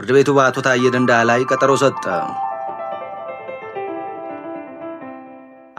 ፍርድ ቤቱ በአቶ ታዬ ደንደዓ ላይ ቀጠሮ ሰጠ።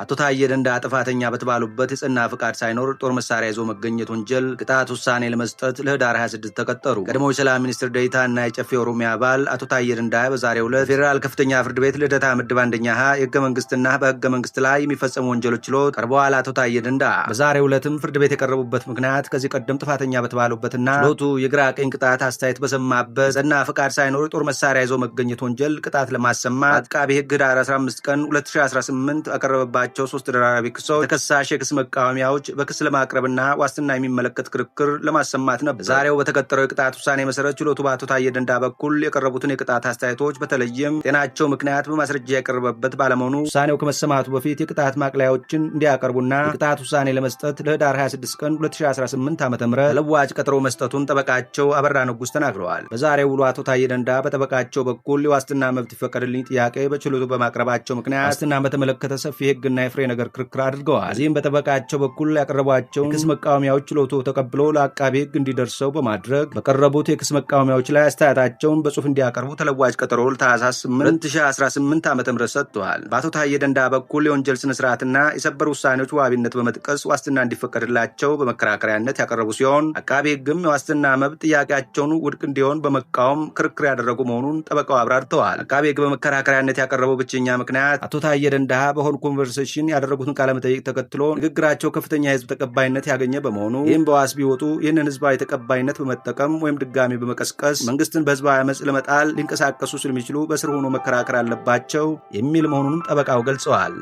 አቶ ታዬ ደንዳ ጥፋተኛ በተባሉበት የጽና ፍቃድ ሳይኖር ጦር መሳሪያ ይዞ መገኘት ወንጀል ቅጣት ውሳኔ ለመስጠት ለህዳር 26 ተቀጠሩ። ቀድሞ የሰላም ሚኒስትር ደይታ እና የጨፌ ኦሮሚያ አባል አቶ ታዬ ደንዳ በዛሬው ዕለት ፌዴራል ከፍተኛ ፍርድ ቤት ልደታ ምድብ አንደኛ ሀ የህገ መንግስትና በህገ መንግስት ላይ የሚፈጸሙ ወንጀሎች ችሎት ቀርበዋል። አቶ ታዬ ደንዳ በዛሬው ዕለትም ፍርድ ቤት የቀረቡበት ምክንያት ከዚህ ቀደም ጥፋተኛ በተባሉበትና ችሎቱ የግራ ቀኝ ቅጣት አስተያየት በሰማበት ጽና ፍቃድ ሳይኖር የጦር መሳሪያ ይዞ መገኘት ወንጀል ቅጣት ለማሰማት አቃቤ ህግ ህዳር 15 ቀን 2018 አቀረበባቸው ያላቸው ሶስት ደራራቢ ክሶች ተከሳሽ የክስ መቃወሚያዎች በክስ ለማቅረብና ዋስትና የሚመለከት ክርክር ለማሰማት ነበር። ዛሬው በተቀጠረው የቅጣት ውሳኔ መሰረት ችሎቱ በአቶ ታየ ደንዳ በኩል የቀረቡትን የቅጣት አስተያየቶች በተለይም ጤናቸው ምክንያት በማስረጃ ያቀረበበት ባለመሆኑ ውሳኔው ከመሰማቱ በፊት የቅጣት ማቅለያዎችን እንዲያቀርቡና የቅጣት ውሳኔ ለመስጠት ለህዳር 26 ቀን 2018 ዓ ም ተለዋጭ ቀጠሮ መስጠቱን ጠበቃቸው አበራ ንጉስ ተናግረዋል። በዛሬው ውሎ አቶ ታየ ደንዳ በጠበቃቸው በኩል የዋስትና መብት ይፈቀድልኝ ጥያቄ በችሎቱ በማቅረባቸው ምክንያት ዋስትና በተመለከተ ሰፊ ህግና የፍሬና የፍሬ ነገር ክርክር አድርገዋል። እዚህም በጠበቃቸው በኩል ያቀረቧቸውን የክስ መቃወሚያዎች ችሎቱ ተቀብሎ ለአቃቤ ሕግ እንዲደርሰው በማድረግ በቀረቡት የክስ መቃወሚያዎች ላይ አስተያየታቸውን በጽሁፍ እንዲያቀርቡ ተለዋጭ ቀጠሮ ታህሳስ 2018 ዓ ም ሰጥተዋል። በአቶ ታዬ ደንዳ በኩል የወንጀል ስነስርዓትና የሰበር ውሳኔዎች ዋቢነት በመጥቀስ ዋስትና እንዲፈቀድላቸው በመከራከሪያነት ያቀረቡ ሲሆን አቃቤ ሕግም የዋስትና መብት ጥያቄያቸውን ውድቅ እንዲሆን በመቃወም ክርክር ያደረጉ መሆኑን ጠበቃው አብራርተዋል። አቃቤ ሕግ በመከራከሪያነት ያቀረበው ብቸኛ ምክንያት አቶ ታዬ ደንዳ በሆን ኮንቨርሴሽን ኮሚሽን ያደረጉትን ቃለመጠይቅ ተከትሎ ንግግራቸው ከፍተኛ የህዝብ ተቀባይነት ያገኘ በመሆኑ ይህም በዋስ ቢወጡ ይህንን ህዝባዊ ተቀባይነት በመጠቀም ወይም ድጋሚ በመቀስቀስ መንግስትን በህዝባዊ አመፅ ለመጣል ሊንቀሳቀሱ ስለሚችሉ በስር ሆኖ መከራከር አለባቸው የሚል መሆኑንም ጠበቃው ገልጸዋል።